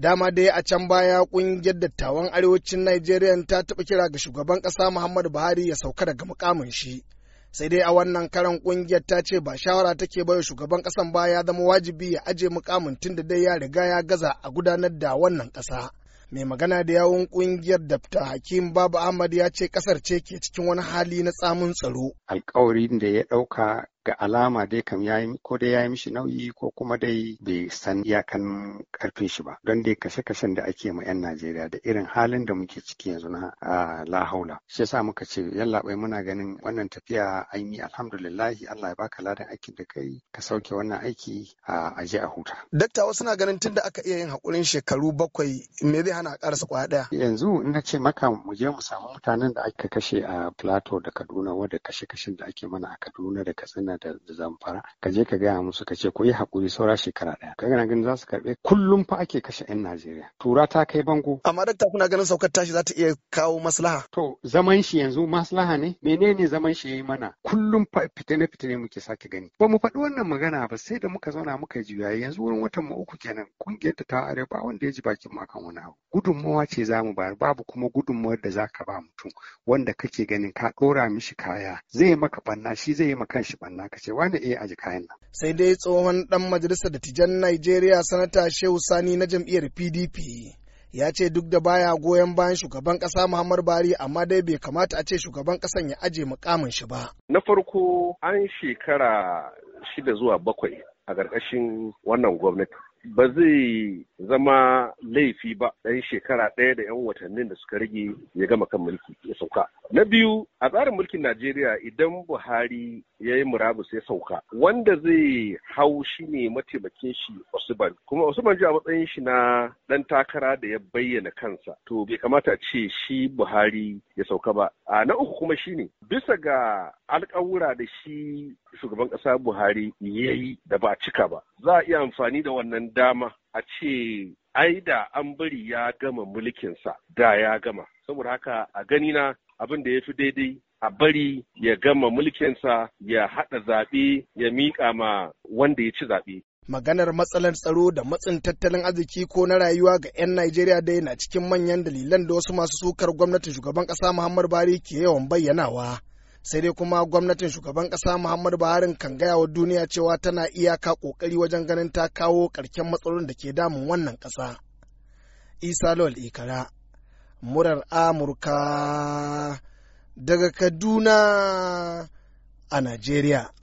dama dai a can baya kungiyar dattawan arewacin Najeriya ta taɓa kira ga shugaban ƙasa Muhammadu Buhari ya sauka daga mukamin shi. Sai dai a wannan karan kungiyar ta ce ba shawara take baiwa shugaban ƙasan ba ya zama wajibi ya aje mukamin tun da dai ya riga ya gaza a gudanar da wannan ƙasa. Mai magana da yawun kungiyar Dafta Hakim Babu Ahmad ya ce ƙasar ce ke cikin wani hali na tsamun tsaro. Alƙawarin da ya ɗauka ga alama dai kam yi ko dai ya yi mishi nauyi ko kuma dai bai san iyakan karfin shi ba don dai kashe-kashen da ake ma 'yan Najeriya da irin halin da muke ciki yanzu na lahaula shi yasa muka ce yallaɓai muna ganin wannan tafiya an yi alhamdulillahi Allah ya baka ladan aikin da kai ka sauke wannan aiki a je a huta. Dakta wasu na ganin tunda aka iya yin hakurin shekaru bakwai me zai hana karasa kwaya ɗaya. Yanzu in na ce maka mu je mu samu mutanen da aka kashe a Plateau da Kaduna wanda kashe-kashen da ake mana a Kaduna da Katsina da Zamfara ka je ka gaya musu ka ce ku yi hakuri saura shekara ɗaya ka gana ganin za su karɓe kullum fa ake kashe 'yan Najeriya tura ta kai bango. Amma dakta kuna ganin saukar tashi za ta iya kawo maslaha. To zaman shi yanzu maslaha ne menene zaman shi yayi mana kullum fa fitine fitine muke sake gani ba mu faɗi wannan magana ba sai da muka zauna muka juya yanzu wurin watan mu uku kenan kungiyar ta ta ba wanda ya ji bakin mu akan wani abu gudunmawa ce za mu bayar babu kuma gudunmawar da za ka ba mutum wanda kake ganin ka ɗora mishi kaya zai maka banna shi zai yi maka shi banna ka ce wani iya eh, aji kayan nan. Sai dai tsohon ɗan majalisar dattijan Najeriya sanata Shehu Sani na jam'iyyar PDP ya ce duk da baya goyon bayan shugaban ƙasa Muhammadu Buhari amma dai bai kamata a ce shugaban ƙasan ya aje mukamin shi ba. Na farko an shekara shida zuwa bakwai a ƙarƙashin wannan gwamnati ba zai zama laifi ba ɗan shekara ɗaya da 'yan watannin da suka rage ya gama kan mulki ya sauka. Na biyu a tsarin mulkin Najeriya idan Buhari ya yi murabus ya sauka wanda zai hau shi ne mataimakin shi Usman kuma Usman ji a matsayin shi na ɗan takara da ya bayyana kansa to bai kamata ce shi Buhari ya sauka ba. A na uku kuma shi ne, bisa ga alƙawura da shi shugaban ƙasa Buhari ya yi da ba cika ba za a iya amfani da wannan dama a ce ai da an bari ya gama mulkinsa da ya gama saboda haka a gani na, abin da ya fi daidai a bari ya gama mulkinsa ya haɗa zaɓe ya miƙa ma wanda ya ci zaɓe maganar matsalar tsaro da matsin tattalin arziki ko na rayuwa ga 'yan Najeriya dai na cikin manyan dalilan da wasu masu sukar gwamnatin shugaban ƙasa Muhammadu Bari ke yawan bayyanawa. sai dai kuma gwamnatin shugaban kasa muhammadu buhari kan gaya wa duniya cewa tana iyaka kokari wajen ganin ta kawo karken matsalolin da ke damun wannan kasa isa lol ikara murar amurka daga kaduna a najeriya